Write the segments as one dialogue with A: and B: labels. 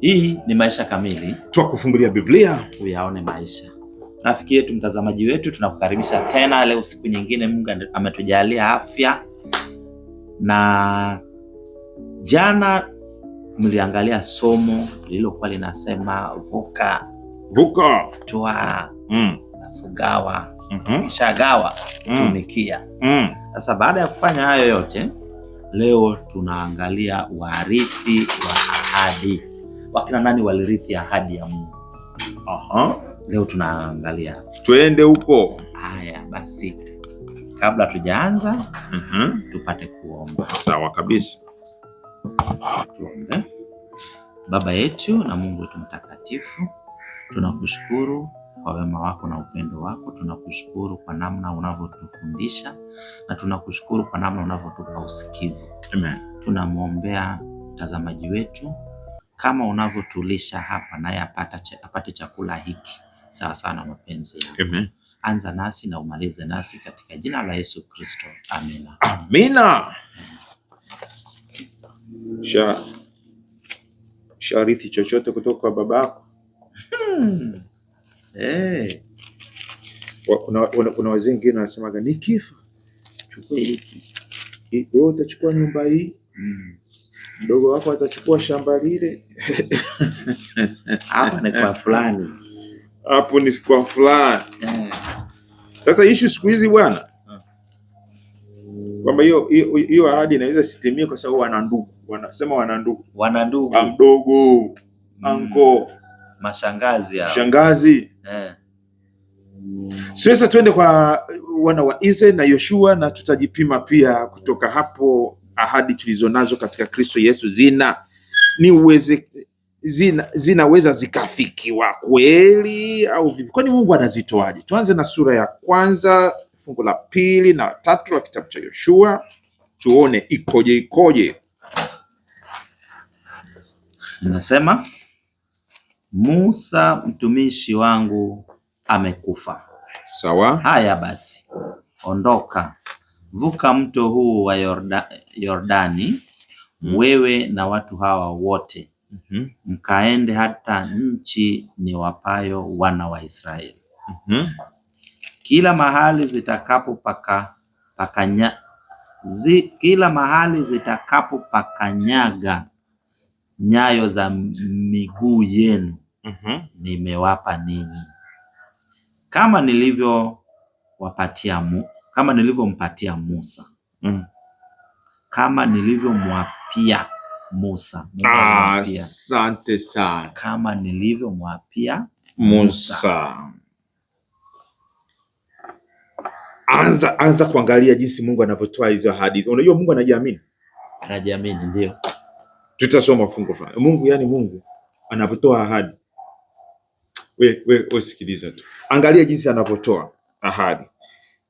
A: Hii ni Maisha Kamili,
B: kufungulia Biblia
A: uyaone maisha. Rafiki yetu, mtazamaji wetu, tunakukaribisha tena leo, siku nyingine. Mungu ametujalia afya, na jana mliangalia somo lililokuwa linasema vuka vuka, toa mm. nafugawa mm-hmm. mm -hmm. kishagawa, tumikia mm. Sasa baada ya kufanya hayo yote Leo tunaangalia warithi wa ahadi. Wakina nani walirithi ahadi ya Mungu? Aha. Leo tunaangalia,
B: twende huko.
A: Haya basi, kabla tujaanza, uh mhm. -huh. tupate kuomba.
B: Sawa kabisa.
A: Tuombe. Baba yetu na Mungu wetu mtakatifu, tunakushukuru kwa wema wako na upendo wako. Tunakushukuru kwa namna unavyotufundisha na tunakushukuru kwa namna unavyotupa usikivu. Amen. Tunamwombea mtazamaji wetu kama unavyotulisha hapa, naye apate chakula hiki sawa sawa na mapenzi yako. Amen. Anza nasi na umalize nasi katika jina la Yesu Kristo. Amina.
B: Amina. Sha, sharithi chochote kutoka kwa babako.
A: Hmm. Eh.
B: Kuna kuna wazee wengine wanasemaga nikifa chukua eh. hiki. Wewe utachukua nyumba hii. Mm. Mdogo wako atachukua shamba lile.
A: Hapa ni kwa fulani.
B: Hapo ni kwa fulani. Eh. Sasa issue siku hizi bwana ah. kwamba hiyo hiyo ahadi inaweza sitimie kwa sababu wana ndugu, wanasema wana ndugu,
A: wana ndugu,
B: mdogo, anko mm
A: mashangazi hao.
B: Shangazi. Eh. Sasa twende kwa wana wa Israeli na Yoshua na tutajipima pia kutoka hapo ahadi tulizonazo katika Kristo Yesu zina ni uweze zina zinaweza zikafikiwa kweli au vipi? Kwani Mungu anazitoaje? Tuanze na sura ya kwanza fungu la pili na tatu la kitabu cha Yoshua tuone ikoje ikoje.
A: Nasema Musa mtumishi wangu amekufa. Sawa. Haya basi, ondoka, vuka mto huu wa Yorda, Yordani mm. wewe na watu hawa wote mm -hmm. mkaende hata nchi ni wapayo wana wa Israeli mm -hmm. kila mahali paka, pakanya zi, kila mahali zitakapopakanyaga nyayo za miguu yenu mm-hmm. nimewapa ninyi kama nilivyowapatia mu, kama nilivyompatia Musa mm. kama nilivyomwapia Musa.
B: Ah, asante ah, sana.
A: Kama nilivyomwapia Musa.
B: Anza, anza kuangalia jinsi Mungu anavyotoa hizo ahadi. Unajua Mungu anajiamini,
A: anajiamini ndio
B: tutasoma fungu fulani. Mungu yani Mungu anapotoa ahadi we, we, we sikiliza tu, angalia jinsi anavyotoa ahadi: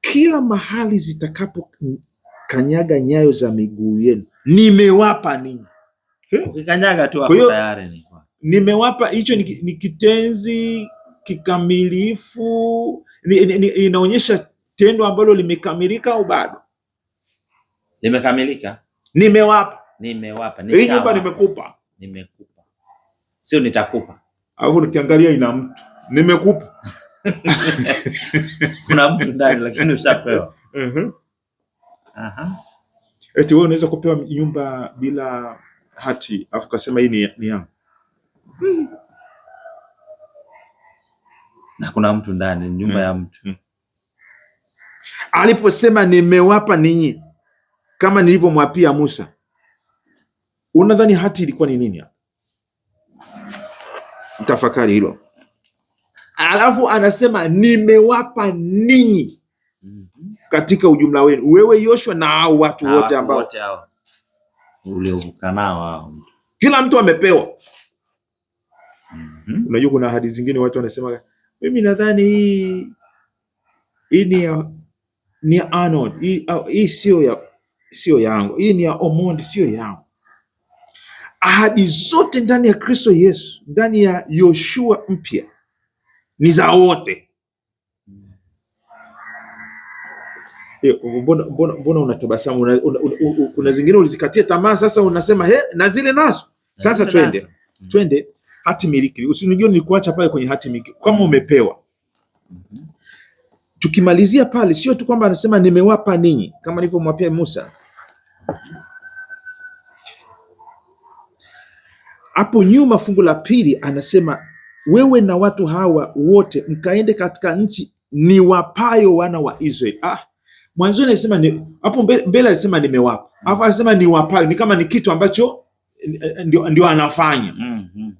B: kila mahali zitakapokanyaga nyayo za miguu yenu nimewapa ninyi.
A: Eh? Ukikanyaga tu hapo tayari ni
B: nimewapa. Hicho ni kitenzi kikamilifu, inaonyesha tendo ambalo limekamilika au bado
A: limekamilika.
B: Nimewapa,
A: nimewapa,
B: nyumba nimekupa,
A: nimekupa, sio nitakupa
B: alafu nikiangalia ina mtu nimekupa.
A: kuna mtu ndani lakini ushapewa. uh-huh.
B: Aha. Eti wewe unaweza kupewa nyumba bila hati alafu kasema hii ni, ni yangu.
A: Na kuna mtu ndani nyumba hmm. ya mtu hmm.
B: Aliposema nimewapa ninyi kama nilivyomwapia Musa, unadhani hati ilikuwa ni nini? tafakari hilo. Alafu anasema nimewapa ninyi katika ujumla wenu, wewe Yoshua na au watu wote ambao
A: uliovuka nao,
B: kila mtu amepewa. mm -hmm. Unajua, kuna ahadi zingine watu wanasema, mimi nadhani hii hii ni ya ni ya Arnold, hii sio ya sio yangu, hii ni ya Omondi, sio yangu ahadi zote ndani ya Kristo Yesu, ndani ya Yoshua mpya ni za wote. Mbona mbona mbona unatabasamu? Una, una, una, una zingine ulizikatia tamaa, sasa unasema he, na zile nazo sasa, twende mm. twende hati miliki. Usinijue nilikuacha pale kwenye hati miliki, kama umepewa tukimalizia pale, sio tu kwamba anasema nimewapa ninyi, kama nilivyomwapia Musa hapo nyuma, fungu la pili anasema wewe na watu hawa wote mkaende katika nchi ni wapayo wana wa Israeli. Ah, mwanzo alisema ni hapo mbele, alisema nimewapa, alafu anasema ni wapayo, ni kama ni kitu ambacho eh, ndio, ndio anafanya mm -hmm.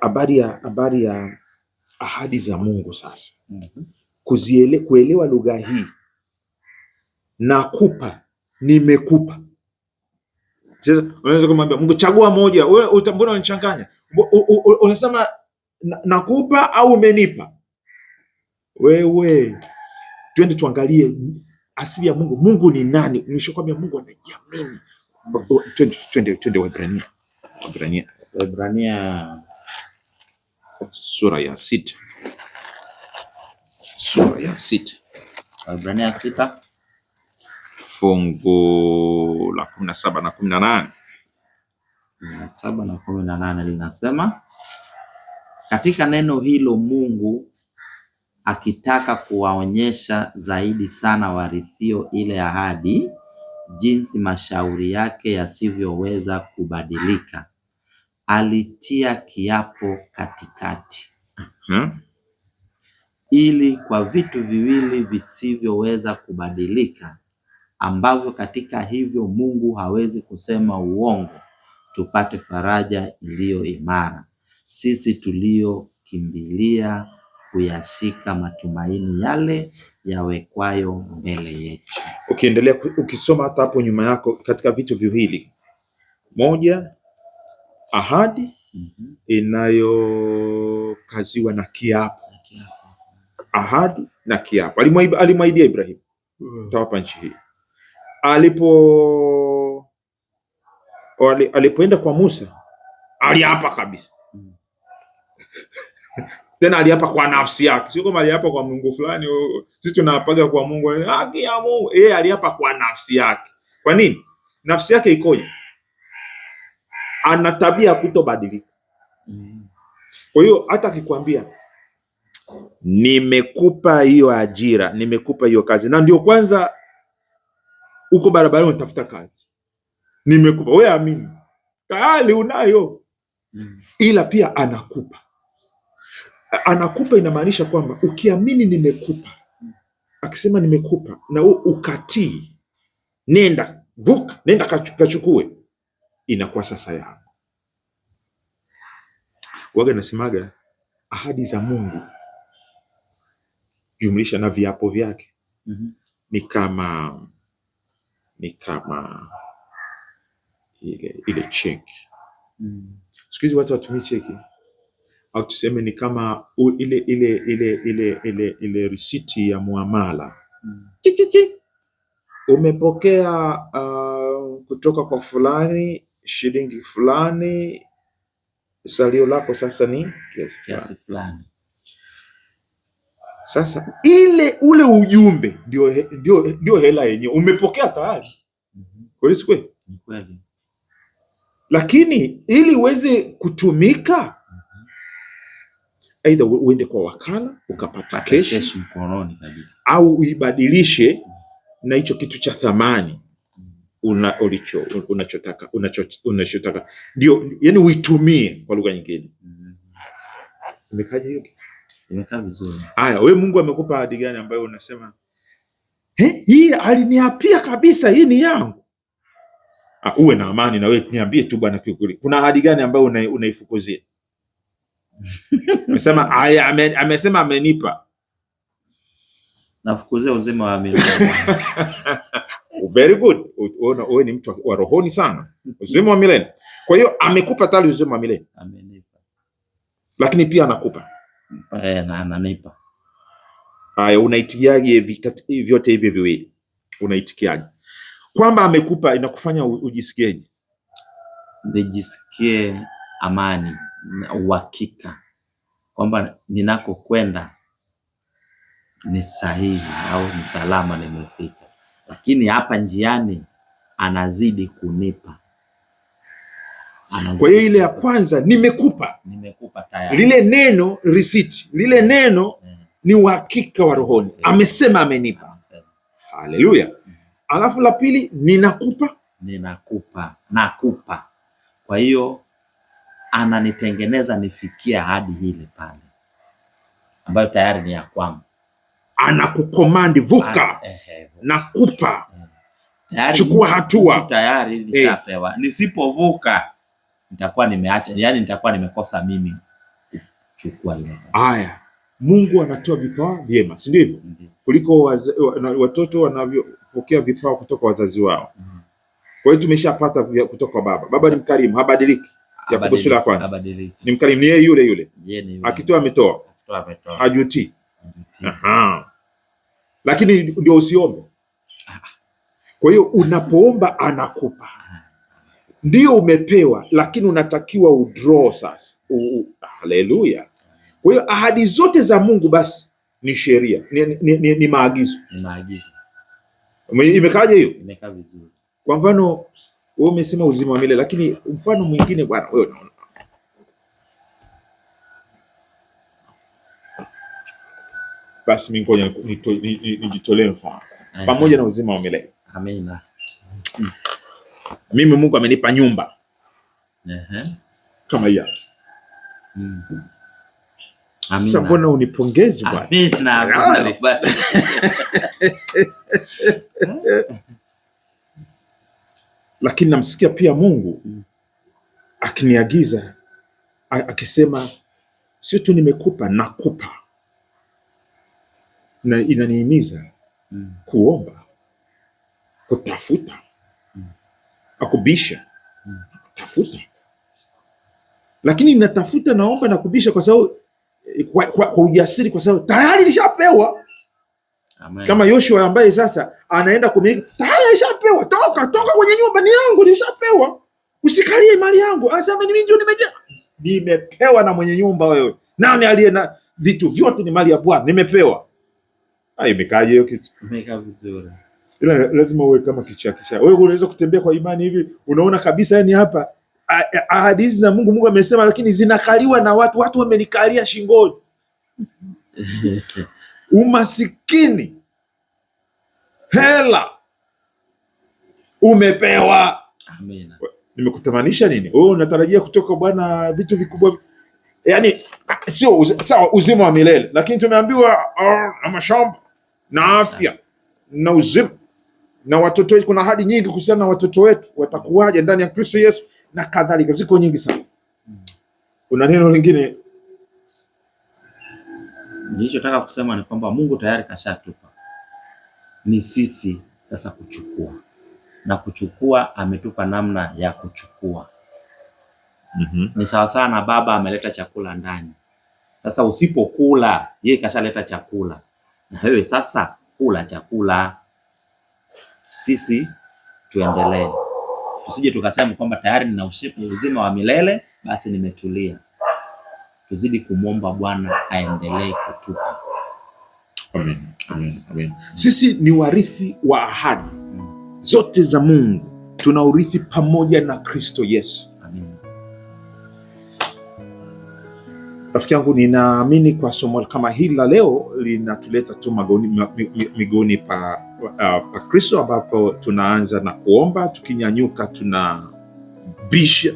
B: Habari ya habari ya ahadi za Mungu sasa, mm -hmm. Kuzielewa, kuelewa lugha hii nakupa nimekupa. Sasa unaweza kumwambia Mungu, chagua moja, wewe utambona unachanganya, Unasema nakupa au umenipa? Wewe twende tuangalie asili ya Mungu. Mungu ni nani? Nishakwambia Mungu anajiamini. Twende twende twende Waebrania,
A: Waebrania, Waebrania
B: sura ya sita, sura ya sita,
A: Waebrania sita
B: fungu la kumi na saba na kumi na nane
A: saba na kumi na nane linasema katika neno hilo Mungu akitaka kuwaonyesha zaidi sana warithio ile ahadi, jinsi mashauri yake yasivyoweza kubadilika, alitia kiapo katikati uh-huh. ili kwa vitu viwili visivyoweza kubadilika ambavyo katika hivyo Mungu hawezi kusema uongo, tupate faraja iliyo imara, sisi tuliyokimbilia kuyashika matumaini yale yawekwayo mbele yetu.
B: Ukiendelea ukisoma hata hapo nyuma yako katika vitu viwili, moja ahadi mm -hmm. inayokaziwa na kiapo, ahadi na kiapo alimwaidia Ibrahimu, -hmm. tawapa nchi hii alipo alipoenda kwa Musa aliapa kabisa mm. tena aliapa kwa nafsi yake, sio kama aliapa kwa Mungu fulani. Oh, sisi tunaapaga kwa Mungu, eh, haki ya Mungu. Yeye aliapa kwa nafsi yake. Kwa nini? Nafsi yake ikoje? Ana tabia ya kutobadilika. Kwa hiyo hata akikwambia nimekupa hiyo ajira, nimekupa hiyo kazi, na ndio kwanza uko barabarani unatafuta kazi, nimekupa wewe, amini tayari unayo mm. Ila pia anakupa anakupa, inamaanisha kwamba ukiamini nimekupa, akisema nimekupa na ukatii, nenda vuka, nenda kachukue, inakuwa sasa yako. Waga nasemaga ahadi za Mungu jumlisha na viapo vyake mm -hmm. ni kama ni kama ile ile cheki mm. Siku hizi watu watumii cheki au tuseme ni kama ile ile ile ile ile ile risiti ya muamala mm. umepokea uh, kutoka kwa fulani shilingi fulani, salio lako sasa ni
A: kiasi fulani
B: sasa ile ule ujumbe ndio ndio ndio hela yenyewe umepokea tayari, mhm. kweli si
A: kweli?
B: Lakini ili uweze kutumika aidha mhm. uende kwa wakala ukapata keshi mkononi kabisa, au uibadilishe na hicho kitu cha thamani mhm. una ulicho unachotaka unachotaka ndio, yani uitumie kwa lugha nyingine.
A: Imekaje hiyo? Imekaa vizuri.
B: Haya, wewe Mungu amekupa ahadi gani ambayo unasema eh, hii aliniapia kabisa, hii ni yangu? Ah, uwe na amani na wewe niambie tu bwana, kiukweli kuna ahadi gani ambayo unaifukuzia? Amesema ame, amesema amenipa.
A: Nafukuzia uzima wa milele.
B: Very good. Wewe ni mtu wa rohoni sana. Uzima wa milele. Kwa hiyo amekupa tayari uzima wa milele. Amenipa. Lakini pia anakupa na ananipa haya. Unaitikiaje vyote hivi viwili? Unaitikiaje kwamba amekupa, inakufanya ujisikieje? Nijisikie amani na uhakika kwamba ninakokwenda ni sahihi au ni salama, nimefika. Lakini hapa njiani anazidi kunipa kwa hiyo ile ya kwanza nimekupa, nimekupa tayari. Lile neno receipt, lile neno ni uhakika wa rohoni amesema amenipa. Haleluya! Mm-hmm. Alafu la pili ninakupa, ninakupa, nakupa. Kwa hiyo ananitengeneza nifikia hadi hile pale ambayo tayari ni ya kwangu. Anakukomandi vuka, nakupa, chukua hatua. Tayari nishapewa, nisipovuka nitakuwa nimeacha, yani nitakuwa nimekosa mimi kuchukua ile. Haya, Mungu anatoa vipawa vyema, si ndivyo? Kuliko waze, watoto wanavyopokea vipawa kutoka wazazi wao. mm -hmm. Kwa hiyo tumeshapata kutoka kwa baba. Baba ni mkarimu, habadiliki. Yakobo sura ya kwanza, ni mkarimu, ni yeye yule yule, akitoa ametoa, hajuti. Aha, lakini ndio usiombe. Ah, ah. Kwa hiyo unapoomba anakupa ndio umepewa, lakini unatakiwa udraw sasa. Haleluya! Kwa hiyo ahadi zote za Mungu basi ni sheria, ni, ni, ni, ni maagizo. imekaja hiyo? Imekaa vizuri. Kwa mfano wewe umesema uzima wa milele, lakini mfano mwingine bwana, wewe unaona basi mimi ngoja nijitolee mfano pamoja na uzima wa milele. Amina. Mm mimi Mungu amenipa nyumba uh-huh. kama hiyo mm. Sasa mbona unipongezi bwana? Lakini namsikia pia Mungu akiniagiza akisema, sio tu nimekupa, nakupa, na inanihimiza mm. kuomba, kutafuta akubisha tafuta, lakini natafuta, naomba na kubisha kwa sababu eh, kwa, kwa, kwa ujasiri, kwa sababu tayari nishapewa. Amen. Kama Yoshua ambaye sasa anaenda kumiliki, tayari alishapewa, Toka toka kwenye nyumba ni yangu, nishapewa, usikalie mali yangu. Asema ni mimi ndio nimeje, nimepewa na mwenye nyumba. Wewe nani aliye na vitu vyote? Ni mali ya Bwana, nimepewa. Imekaa hiyo kitu, imekaa vizuri ila lazima uwe kama kichaa kichaa. Wewe unaweza kutembea kwa imani hivi, unaona kabisa yani hapa ahadi hizi za Mungu Mungu amesema, lakini zinakaliwa na watu, watu wamenikalia shingoni umasikini, hela umepewa. Amina. Nimekutamanisha nini? Wewe unatarajia kutoka Bwana vitu vikubwa, yani sio sawa, uzima wa milele, lakini tumeambiwa uh, na mashamba na afya na uzima na watoto wetu. Kuna ahadi nyingi kuhusiana na watoto wetu watakuwaje ndani ya Kristo Yesu na kadhalika, ziko nyingi sana. Kuna neno lingine nilichotaka kusema ni kwamba Mungu tayari kashatupa, ni sisi sasa kuchukua na kuchukua. Ametupa namna ya kuchukua. mm -hmm. Ni sawa sawa na baba ameleta chakula ndani. Sasa usipokula, yeye kashaleta chakula, na wewe sasa kula chakula sisi tuendelee, tusije tukasema kwamba tayari nina uzima wa milele basi nimetulia. Tuzidi kumwomba Bwana aendelee kutupa. Amen, amen, amen. Mm. Sisi ni warithi wa ahadi mm. zote za Mungu, tuna urithi pamoja na Kristo Yesu. Rafiki yangu, ninaamini kwa somo kama hili la leo linatuleta tu migoni pa uh, Pakristo ambapo tunaanza na kuomba, tukinyanyuka tunabisha,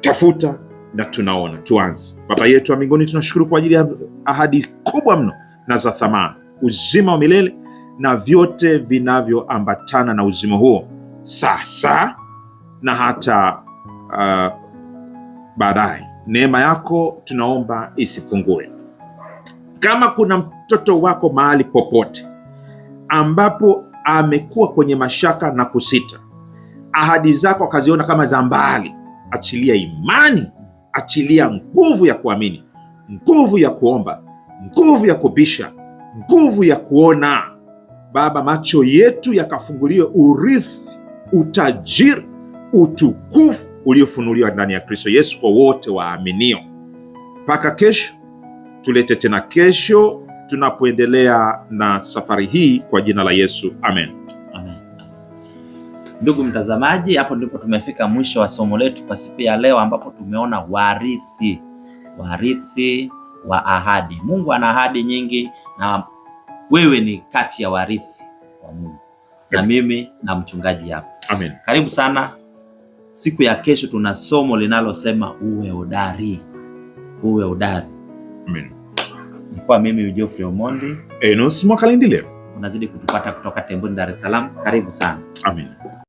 B: tafuta na tunaona. Tuanze. Baba yetu wa mbinguni, tunashukuru kwa ajili ya ahadi kubwa mno na za thamani, uzima wa milele na vyote vinavyoambatana na uzima huo sasa na hata uh, baadaye. Neema yako tunaomba isipungue. Kama kuna mtoto wako mahali popote ambapo amekuwa kwenye mashaka na kusita, ahadi zako akaziona kama za mbali, achilia imani, achilia nguvu ya kuamini, nguvu ya kuomba, nguvu ya kubisha, nguvu ya kuona. Baba, macho yetu yakafunguliwe urithi, utajiri, utukufu uliofunuliwa ndani ya Kristo Yesu kwa wote waaminio. Mpaka kesho, tulete tena kesho tunapoendelea na safari hii kwa jina la Yesu amen. Amen. Ndugu mtazamaji, hapo ndipo tumefika mwisho wa somo letu kwa siku ya leo, ambapo tumeona warithi, warithi wa ahadi. Mungu ana ahadi nyingi, na wewe ni kati ya warithi wa Mungu na mimi na mchungaji hapo. Amen. Karibu sana. Siku ya kesho tuna somo linalosema uwe udari, uwe udari. Amen. Nilikuwa mimi Geoffrey Omondi. Enos Mwakalindile. Unazidi kutupata kutoka Temboni Dar es Salaam. Karibu sana. Amina.